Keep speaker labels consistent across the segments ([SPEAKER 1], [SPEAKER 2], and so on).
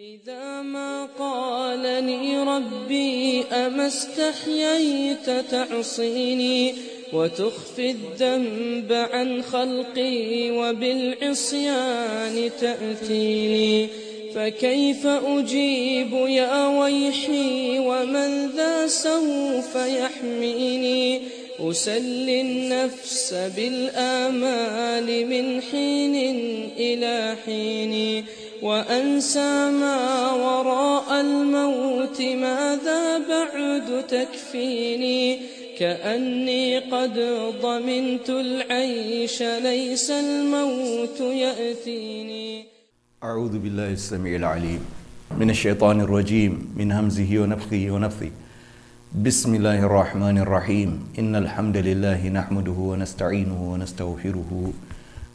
[SPEAKER 1] إذا ما قالني ربي أما استحييت تعصيني وتخفي الذنب عن خلقي وبالعصيان تأتيني فكيف أجيب يا ويحي ومن ذا سوف يحميني أسلي النفس بالآمال من حين إلى حين وأنسى ما وراء الموت ماذا بعد تكفيني كأني قد ضمنت العيش ليس الموت يأتيني أعوذ بالله السميع العليم من الشيطان الرجيم من همزه ونفخه ونفثه بسم الله الرحمن الرحيم إن الحمد لله نحمده ونستعينه ونستغفره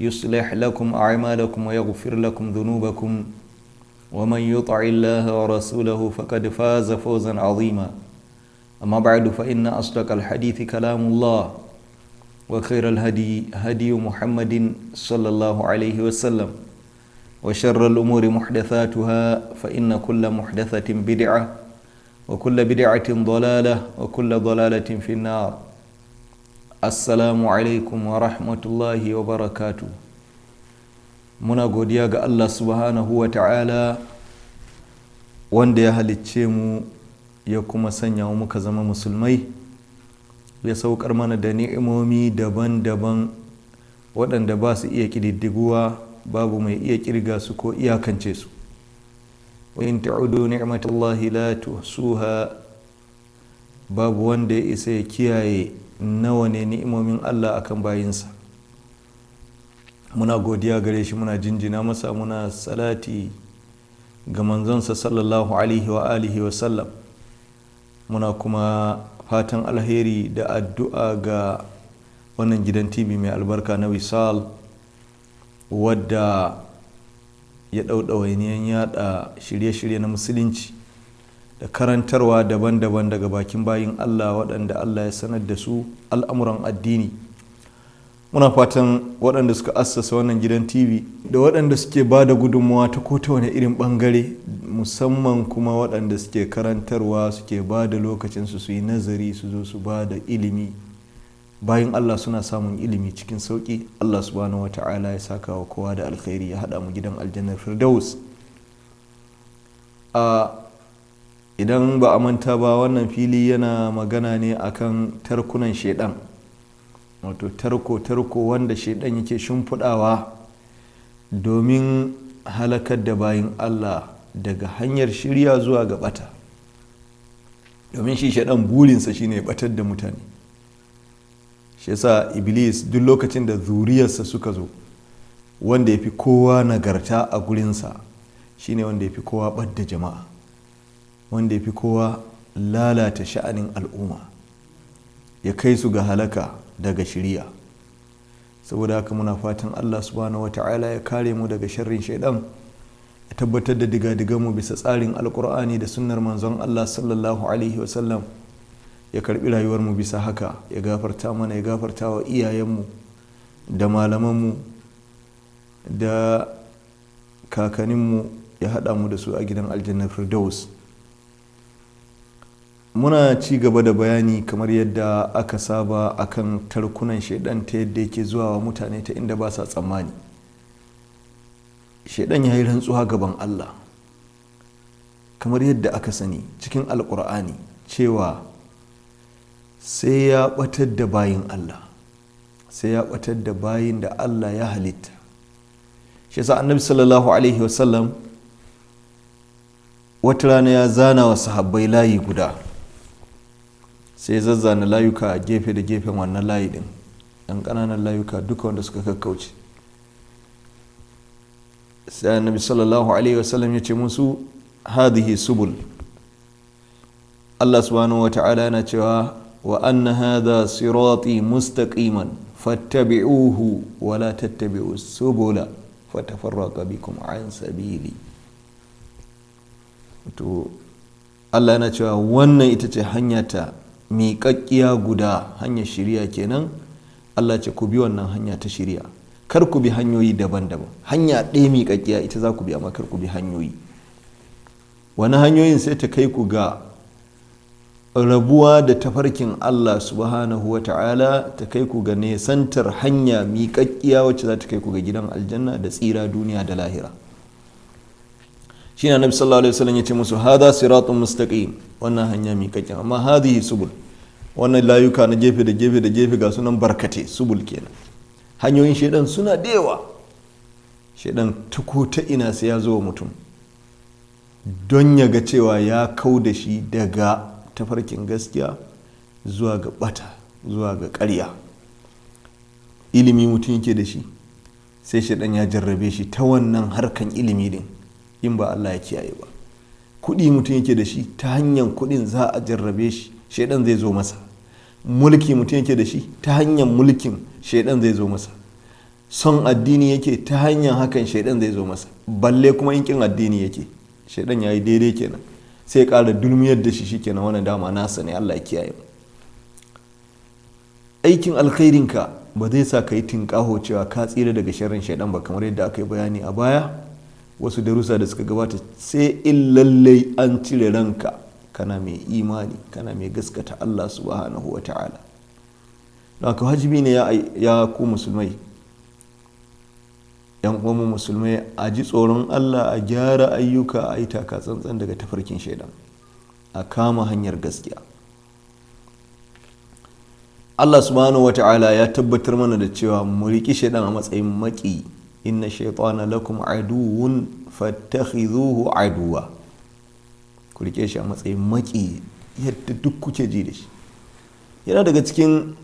[SPEAKER 1] يصلح لكم أعمالكم ويغفر لكم ذنوبكم ومن يطع الله ورسوله فقد فاز فوزا عظيما أما بعد فإن أصدق الحديث كلام الله وخير الهدي هدي محمد صلى الله عليه وسلم وشر الأمور محدثاتها فإن كل محدثة بدعة وكل بدعة ضلالة وكل ضلالة في النار assalamu alaikum wa rahmatullahi wa barakatu muna godiya ga allah subhanahu wa ta'ala wanda ya halicce mu ya kuma sanya muka zama musulmai ya saukar mana da ni'imomi daban-daban waɗanda ba su iya ƙididdiguwa babu mai iya ƙirga su ko iyakance su in ta'udu ni'matallahi la tuhsuha babu wanda ya isa ya kiyaye nawa ne ni'imomin allah akan bayinsa muna godiya gare shi muna jinjina masa muna salati ga manzonsa sallallahu alaihi wa alihi wa sallam muna kuma fatan alheri da addu'a ga wannan gidan tv mai albarka na wisal wadda ya ɗauɗawainiyan yada shirye-shirye na musulunci da karantarwa daban-daban daga bakin bayin Allah waɗanda Allah ya sanar da su al'amuran addini muna fatan waɗanda suka assasa wannan gidan tv da waɗanda suke ba da gudunmawa ta kota wani irin ɓangare musamman kuma waɗanda suke karantarwa suke ba da lokacinsu su yi nazari su zo su ba da ilimi bayan Allah suna samun ilimi cikin sauƙi Allah subhanahu wa ta'ala ya saka wa kowa da alkhairi ya haɗa mu gidan aljannar firdaus a ah, idan ba a manta ba wannan fili yana magana ne akan tarkunan shaidan wato tarko tarko wanda shaidan yake shimfiɗawa domin halakar da bayin allah daga hanyar shirya zuwa ga bata domin shi shaidan burinsa shine batar da mutane shi yasa iblis duk lokacin da zuriyarsa suka zo wanda ya fi kowa nagarta a gurinsa shine wanda ya fi kowa ɓadda jama'a wanda ya fi kowa lalata sha'anin al'umma ya kai su ga halaka daga shirya saboda haka muna fatan allah subhanahu wa ta'ala ya kare mu daga sharrin shaidan ya tabbatar da diga mu bisa tsarin alkur'ani da sunnar manzon allah sallallahu alaihi wasallam ya karbi rayuwarmu bisa haka ya gafarta mana ya gafarta wa iyayenmu da malamanmu da kakaninmu ya haɗa mu da su a gidan aljannar firdaus muna ci gaba da bayani kamar yadda aka saba akan tarkunan shaidan ta yadda yake zuwa wa mutane ta inda ba sa tsammani shaidan ya yi rantsuwa gaban allah kamar yadda aka sani cikin alkur'ani cewa sai ya batar da bayin allah sai ya batar da bayin da allah ya halitta shi sa annabi sallallahu alaihi wasallam wata rana ya zana wa sahabbai layi guda sai zazzana layuka a gefe da gefen wannan layi din yan ƙananan layuka duka wanda suka kakkauce sai annabi sallallahu alaihi wasallam ya ce musu hadhihi subul Allah subhanahu wa ta'ala yana cewa wa anna hadha sirati mustaqiman fattabi'uhu wa la tattabi'u subula fatafarraqa bikum an sabili to Allah yana cewa wannan ita ce hanya ta miƙaƙƙiya guda hanyar shirya kenan Allah ce ku bi wannan hanya ta shirya kar ku bi hanyoyi daban-daban hanya ɗaya miƙaƙƙiya ita za ku bi amma kar ku bi hanyoyi wani hanyoyin sai ta kai ku ga rabuwa da tafarkin Allah subhanahu wa ta'ala ta kai ku ga nesantar hanya miƙaƙƙiya wacce za ta kai ku ga gidan aljanna da tsira duniya da lahira Shi shine annabi sallallahu alaihi wasallam ce musu hada siratun mustaqim wannan hanya mai kake amma hadhihi subul wannan layuka na gefe da gefe da gefe ga sunan barkate subul kenan hanyoyin shaidan suna da yawa shaidan tuko ta ina sai ya zo wa mutum don ya ga cewa ya kau da shi daga tafarkin gaskiya zuwa ga bata zuwa ga karya ilimi mutum yake da shi sai shaidan ya jarrabe shi ta wannan harkan ilimi din in ba Allah ya kiyaye ba kuɗi mutum yake da shi ta hanyar kuɗin za a jarrabe shi shaidan zai zo masa mulki mutum yake da shi ta hanyar mulkin shaidan zai zo masa son addini yake ta hanyar hakan shaidan zai zo masa balle kuma yankin addini yake shaidan ya yi daidai kenan sai ya ƙara dulmiyar da shi shikenan wani dama nasa ne Allah ya kiyaye aikin alkhairinka ba zai sa ka yi tinƙaho cewa ka tsira daga sharrin shaidan ba kamar yadda aka yi bayani a baya wasu darussa da suka gabata sai in lallai an cire ranka kana mai imani kana mai gaskata Allah subhanahu wa ta'ala haka wajibi ne ya ku musulmai yan uwanmu musulmai a ji tsoron Allah a gyara ayyuka a yi taka tsantsan daga tafarkin shaidan a kama hanyar gaskiya Allah subhanahu wa ta'ala ya tabbatar mana da cewa mu riƙi shaidan a matsayin maƙi. inna shaitana lakum aduwun fattakhidhuhu aduwa ku shi a matsayin maki yadda duk kuke ji da shi yana daga cikin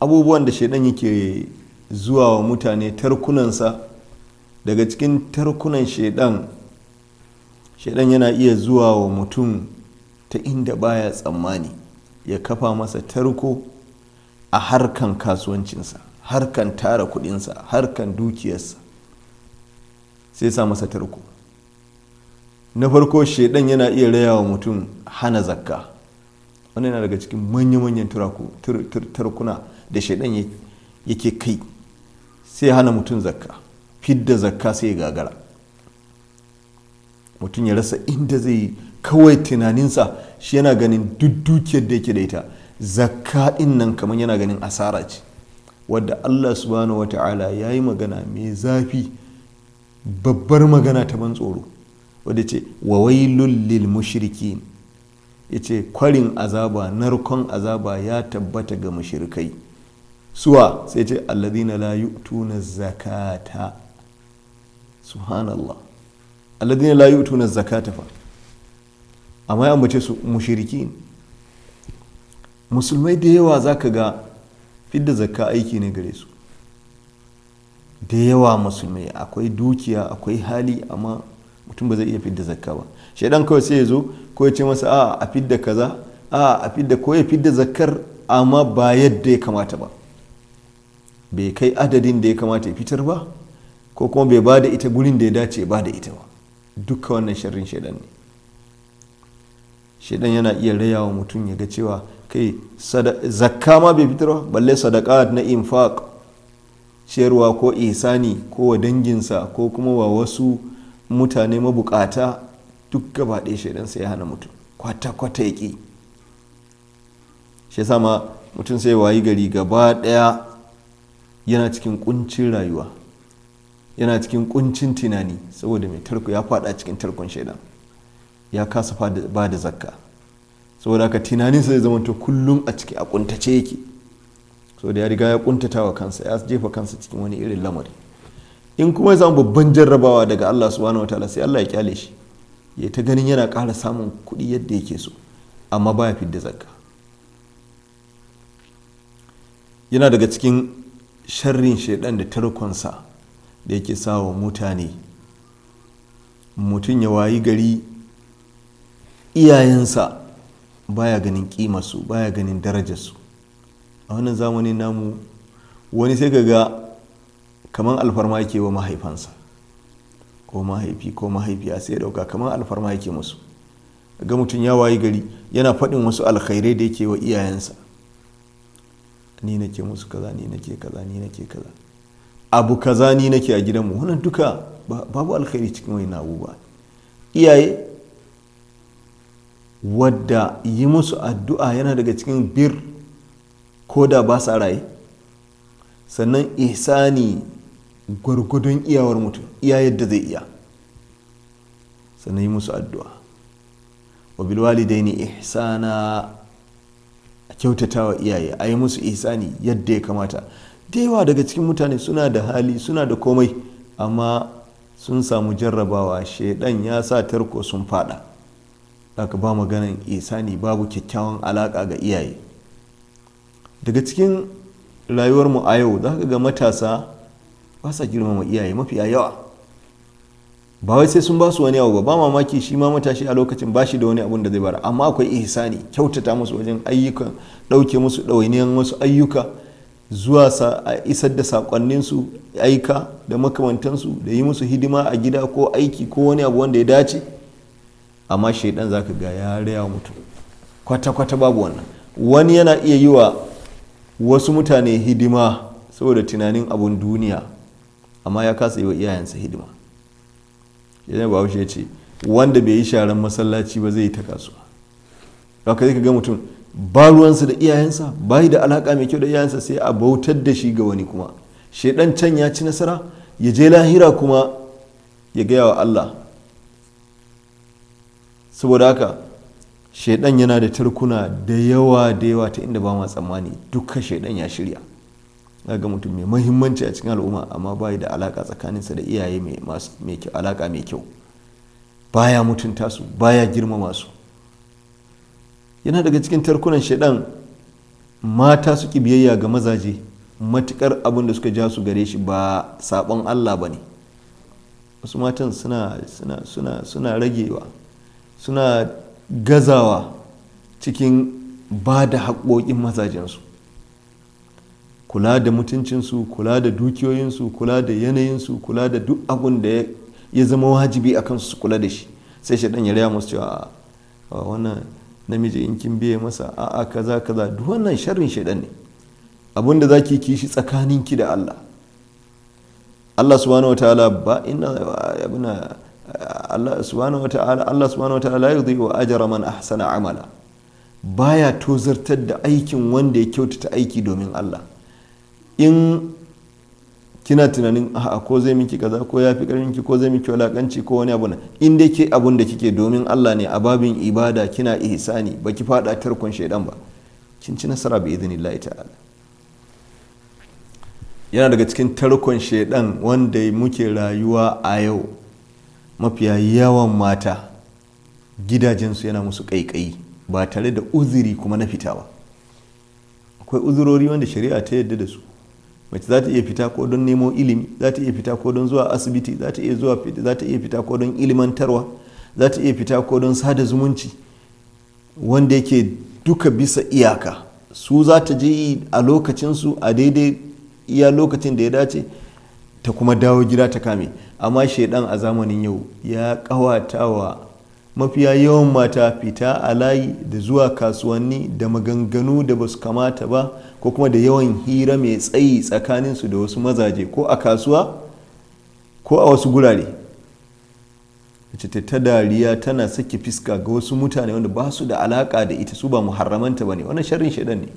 [SPEAKER 1] abubuwan da shaidan yake zuwa wa mutane tarkunansa daga cikin tarkunan shaidan shaidan yana iya zuwa wa mutum ta inda baya tsammani ya kafa masa tarko a harkan kasuwancinsa harkan tara kudinsa harkan dukiyarsa sai sa masa tarko na farko shaidan yana iya raya wa mutum hana zakka wannan yana daga cikin manya-manyan tarkuna da shaidan yake kai sai hana mutum zakka fidda zakka sai gagara mutum ya rasa inda zai kawai tunaninsa shi yana ganin duk dukiyar da yake da ita zakka nan kamar yana ganin asara ce wadda allah subhanahu wata'ala ya yi magana mai zafi babbar magana ta ban tsoro wadda ce wai lullil mushrikin ya ce kwarin azaba narkon azaba ya tabbata ga mushrikai suwa sai ce alladina la yu'tuna zakata subhanallah alladina la yu'tuna zakata fa amma ya ambace su mushrikin musulmai da yawa zaka ga fidda zakka aiki ne gare su da yawa musulmai akwai dukiya akwai hali amma mutum ba zai iya fidda zakka ba shaidan kawai sai ya zo ko ya ce masa a a fidda kaza a a fidda ko ya fidda zakkar amma ba yadda ya kamata ba bai kai adadin da ya kamata ya fitar ba ko kuma bai ba da ita gurin da ya dace ba da ita ba duka wannan sharrin shaidan ne shaidan yana iya rayawa mutum ya ga cewa kai zakka ma bai fitar balle sadaka na infaq ciyarwa ko isani ko wa danginsa ko kuma wa wasu mutane mabukata duk gaba ɗaya shaidan sai ya hana mutum kwata kwata ya ƙi shi sama mutum sai wayi gari gaba ɗaya yana cikin kuncin rayuwa yana cikin ƙuncin tunani saboda mai tarko ya faɗa cikin tarkon shaidan ya kasa ba da zakka saboda haka tunanin sai zama to kullum a ciki a kuntace yake da ya riga ya kuntata wa kansa ya jefa kansa cikin wani irin lamari in kuma ya samu babban jarrabawa daga Allah subhanahu wataala sai Allah ya kyale shi ya ta ganin yana ƙara samun kuɗi yadda yake so amma baya fidda zakka yana daga cikin sharrin shaidan da tarkonsa da yake sawa mutane mutum ya wayi gari iyayensa baya ganin kimarsu baya ganin darajarsu a wannan zamanin namu wani sai kaga ga kamar alfarma yake wa mahaifansa ko mahaifi ko mahaifiya sai dauka kamar alfarma yake musu ga mutum ya wayi gari yana faɗin wasu alkhairai da yake wa iyayensa ni nake musu kaza ni nake kaza ni nake kaza abu kaza ni nake a gidanmu wannan duka babu alkhairi cikin wani abu ba iyaye wadda yi musu addu'a yana daga cikin bir ko da ba sa raye sannan ihsani gwargwadon iyawar mutum iya yadda zai iya sannan yi musu addu'a wa ne ihsana a kyautatawa iyaye a yi musu ihsani yadda ya kamata da daga cikin mutane suna da hali suna da komai amma sun samu jarrabawa shaidan ya sa tarko sun fada ka ba maganan isani babu kyakkyawan alaka ga iyaye daga cikin rayuwar a yau za ka ga matasa ba sa girmama iyaye mafiya yawa ba wai sai sun ba su wani abu ba ba mamaki shi ma matashi a lokacin ba shi da wani abun da zai bara amma akwai ihsani kyautata musu wajen ayyukan ɗauke musu ɗawainiyan wasu ayyuka zuwa a isar da sakonninsu aika da makamantansu da yi musu hidima a gida ko aiki ko wani abu wanda ya dace amma shaidan ka ga ya raya mutu. kwata-kwata babu wannan wani yana iya yi wa wasu mutane hidima saboda tunanin abun duniya amma ya kasa yi wa iyayensa hidima yana ba ya ce wanda bai yi sharan masallaci ba zai yi ta kasuwa ka zai ka ga mutum ba ruwansa da iyayensa ba da alaka mai kyau da iyayensa sai a bautar da shi ga wani kuma shaidan can ya ci nasara ya je lahira kuma ya gaya wa allah saboda haka shaidan yana da tarkuna da yawa da yawa ta inda ba ma tsammani duka shaidan ya shirya ga mutum mai mahimmanci a cikin al'umma amma bai da alaka tsakaninsa da iyaye mai alaka mai kyau baya mutunta su baya girma masu, yana daga cikin tarkunan shaidan mata su ki biyayya ga mazaje matukar abin da suka ja su gare shi ba sabon allah ba ne wasu matan suna ragewa suna gazawa cikin ba da haƙoƙin mazajensu kula da mutuncinsu kula da dukiyoyinsu kula da yanayinsu kula da duk abin da ya zama wajibi a kansu su kula da shi sai shaɗan ya musu cewa a wannan namiji in kin biye masa a'a kaza kaza duk wannan sharrin shaɗan ne abin da za ki ki shi tsakaninki da allah allah subhanahu wa ta'ala ba ina abuna Allah subhanahu wa ta'ala Allah subhanahu wa ta'ala yudhi wa ajra man ahsana amala baya tozartar da aikin wanda ya kyautata aiki domin Allah in kina tunanin a ko zai miki kaza ko ya fi karfinki ko zai miki walakanci ko wani abu na in dai ke abun da kike domin Allah ne a babin ibada kina ihsani baki fada tarkon shaidan ba kin ci nasara bi idnillahi ta'ala yana daga cikin tarkon shaidan wanda muke rayuwa a yau mafiya yawan mata gidajensu yana musu ƙaiƙayi ba tare da uziri kuma na fita ba akwai uzurori wanda shari'a ta yadda da su mace za ta iya fita ko don nemo ilimi za ta iya fita ko don zuwa asibiti za iya za ta iya fita ko don ilimantarwa za ta iya fita ko don sada zumunci wanda yake duka bisa iyaka su za ta je a lokacinsu a daidai iya lokacin da ya dace ta kuma dawo gida ta kame amma shaidan a zamanin yau ya kawatawa mafiya yawan mata fita a layi da zuwa kasuwanni da maganganu da ba su kamata ba ko kuma da yawan hira mai tsayi tsakaninsu da wasu mazaje ko a kasuwa ko a wasu gurare mace ta dariya tana sake fiska ga wasu mutane wanda ba su da alaka da ita su ba muharramanta ba ne wannan sharrin shaidan ne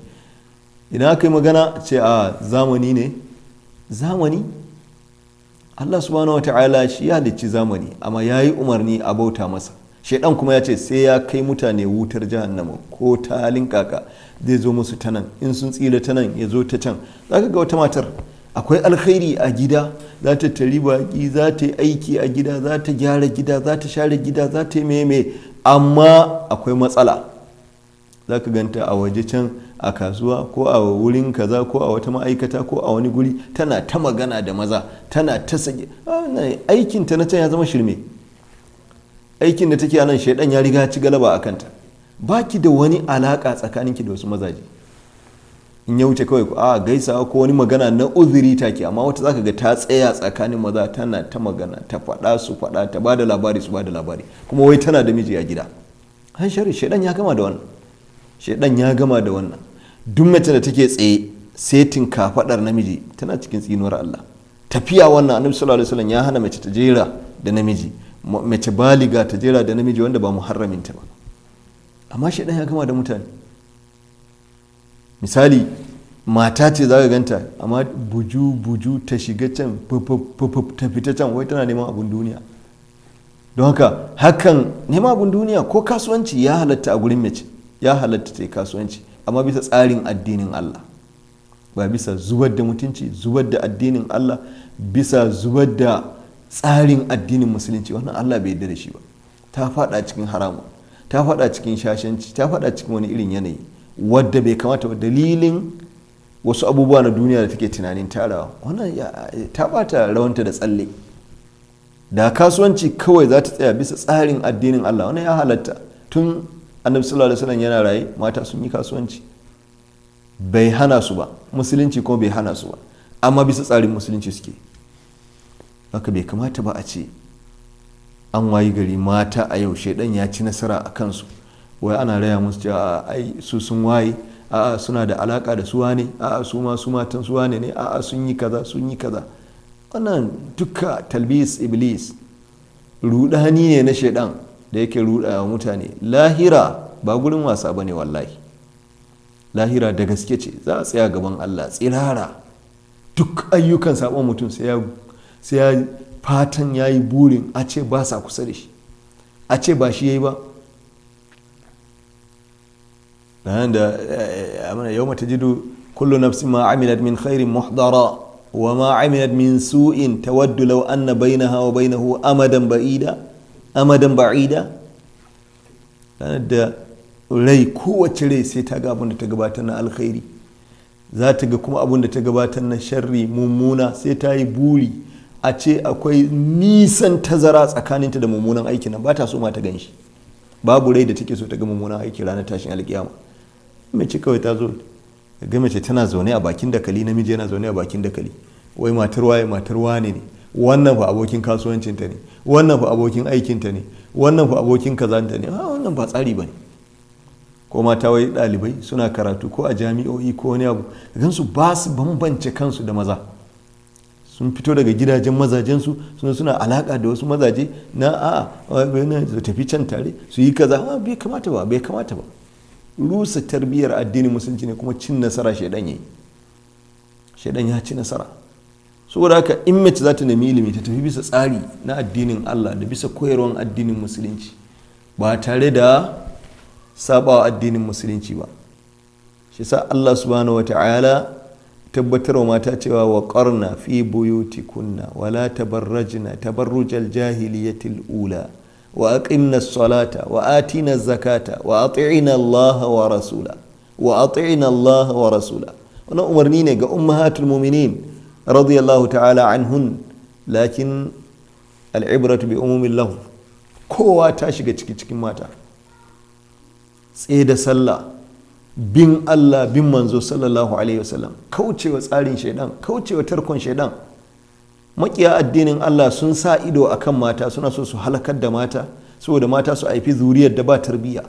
[SPEAKER 1] idan aka yi magana ce a zamani ne zamani Allah subhanahu wa ta'ala shi ya halicci zamani amma ya yi umarni a bauta masa shaidan kuma ya ce sai ya kai mutane wutar jahannama ko ta halin kaka zai zo musu ta nan in sun tsira ta nan ya zo ta can za ka ga wata matar akwai alkhairi a gida za ta tari baki za ta yi aiki a gida za ta gyara gida za ta share gida za ta yi meme amma akwai matsala za ka ganta a waje can a kasuwa ko a wurin kaza ko a wata ma'aikata ko a wani guri tana ta magana da maza tana ta sage aikin ta na can ya zama shirme aikin da take nan shaidan ya riga ci galaba a kanta baki da wani alaka ki da wasu mazaje in ya wuce kawai a gaisawa ko wani magana na uzuri take amma wata zaka ga ta tsaya tsakanin maza tana ta magana ta faɗa su faɗa ta bada labari su bada labari kuma wai tana da miji a gida an shari shaidan ya kama da wannan shedan ya gama da wannan duk mace da take tsaye setin kafadar namiji tana cikin tsinuwar Allah tafiya wannan annabi sallallahu alaihi wasallam ya hana mace ta jera da namiji mace baliga ta jera da namiji wanda ba muharramin ta ba amma shedan ya gama da mutane misali mata ce za ka ganta amma buju buju ta shiga can ta fita can wai tana neman abun duniya don haka hakan neman abun duniya ko kasuwanci ya halatta a gurin mace ya halatta ta yi kasuwanci amma bisa tsarin addinin Allah ba bisa zubar da mutunci zubar da addinin Allah bisa zubar da tsarin addinin musulunci wannan Allah bai yarda da shi ba ta fada cikin haramun ta fada cikin shashanci ta fada cikin wani irin yanayi wadda bai kamata ba dalilin wasu abubuwa na duniya da take tunanin tarawa wannan ta bata rawanta da tsalle da kasuwanci kawai za ta tsaya bisa tsarin addinin Allah wannan ya halatta tun annabi sallallahu alaihi wasallam yana raye mata sun yi kasuwanci bai hana su ba musulunci kuma bai hana su ba amma bisa tsarin musulunci suke haka bai kamata ba a ce an wayi gari mata a yau shaidan ya ci nasara a kansu wai ana raya musu cewa ai su sun waye 'a suna da alaka da suwa ne a'a su ma su matan suwa ne ne a'a sun yi kaza sun yi kaza wannan duka talbis iblis rudani ne na shaidan da yake ruɗa mutane lahira ba gurin wasa ba ne wallahi lahira da gaske ce za a tsaya gaban allah tsirara duk ayyukan sabon mutum sai ya fatan ya yi burin a ce ba sa kusa da shi a ce ba shi ya yi ba bayan da eh, amina yau mata jidu kullu nafsi ma amilat min khairin muhdara wa ma amilat min su'in tawaddu law anna bainaha wa bainahu amadan ba'ida amadan ba'ida ranar da rai kowace rai sai ta ga abin da ta gabatar na alkhairi za ta ga kuma abin da ta gabatar na sharri mummuna sai ta yi buri a ce akwai nisan tazara tsakaninta da mummunan aiki nan ba ta so ma ta gan babu rai da take so ta ga mummunan aiki ranar tashin alkiyama mace kawai ta zo ga mace tana zaune a bakin dakali namiji yana zaune a bakin dakali wai matarwa waye matar wane ne wannan fa abokin kasuwancinta ne wannan fa abokin aikinta ne wannan fa abokin kazanta ne a ah, wannan ba tsari ba ne ko mata wai ɗalibai suna karatu ko a jami'o'i ko wani abu su ba su bambance kansu da maza sun fito daga gidajen mazajensu suna suna alaka da wasu mazaje na a'a su tafi can tare su yi kaza ah, bai kamata ba bai kamata ba rusa tarbiyyar addinin musulunci ne kuma cin nasara shaidan ya yi shaidan ya ci nasara saboda haka in mace za ta nemi ilimi ta tafi bisa tsari na addinin allah da bisa koyarwan addinin musulunci ba tare da sabawa addinin musulunci ba shi sa allah subhanahu wa ta'ala tabbatar wa mata cewa wa ƙarna fi buyuti kunna wala tabarrajna tabarrujal jahiliyatil ula wa aqimna salata wa atina zakata wa ati'ina allaha wa rasula wa ati'ina allaha wa rasula wannan umarni ne ga ummahatul mu'minin رضي ta'ala تعالى عنهن لكن العبرة بأموم اللفظ kowa ta shiga ciki cikin mata tsaye sallah bin allah bin manzo sallallahu alaihi wasallam kaucewa tsarin shaidan kaucewa tarkon shaidan maƙiya addinin allah sun sa ido akan mata suna so su halakar da mata saboda mata su haifi zuriyar da ba tarbiyya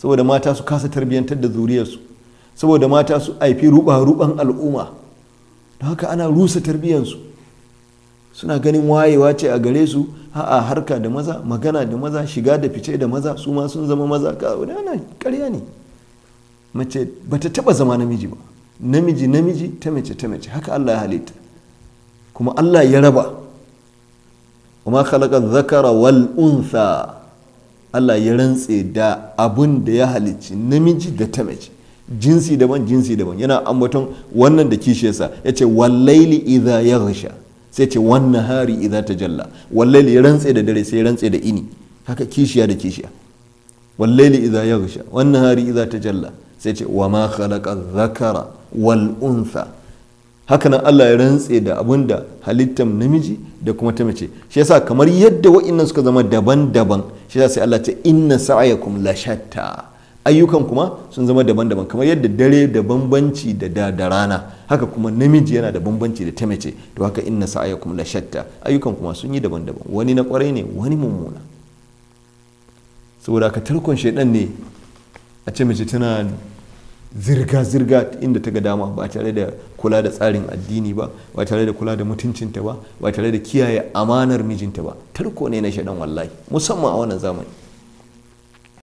[SPEAKER 1] saboda mata su kasa tarbiyyantar da zuriyarsu saboda mata su haifi ruɓa ruɓan al'umma don haka ana rusa tarbiyyansu suna ganin wayewa ce a gare su a harka da maza magana da maza shiga da fice da maza su ma sun zama maza ka ana karya ne mace ba ta taba zama namiji ba namiji namiji ta mace ta mace haka Allah ya halitta kuma Allah ya raba kuma khalaqa zakara wal untha Allah ya rantse da abun da ya halicci namiji da ta mace jinsi daban jinsi daban yana ambaton wannan da sa ya ce wallaili idha ya sai ce wannan hari idha ta jalla wallaili rantse da dare sai rantse da ini haka kishiya da kishiya wallaili idha ya rasha wannan hari idha ta jalla sai ce wa ma khalaqa zakara wal untha haka nan Allah ya rantse da abunda da halittar namiji da kuma ta mace shi yasa kamar yadda wa'annan suka zama daban-daban shi yasa sai Allah ce inna sa'ayakum la shatta ayyukan kuma sun zama daban-daban kamar yadda dare da bambanci da da rana haka kuma namiji yana da bambanci da ta mace to haka inna sa'ayakum la shatta ayyukan kuma sun yi daban-daban wani na kwarai ne wani mummuna saboda ka tarkon shedan ne a ce mace tana zirga-zirga inda ta ga dama ba tare da kula da tsarin addini ba ba tare da kula da mutuncinta ba ba tare da kiyaye amanar mijinta ba tarko ne na shedan wallahi musamman a wannan zamani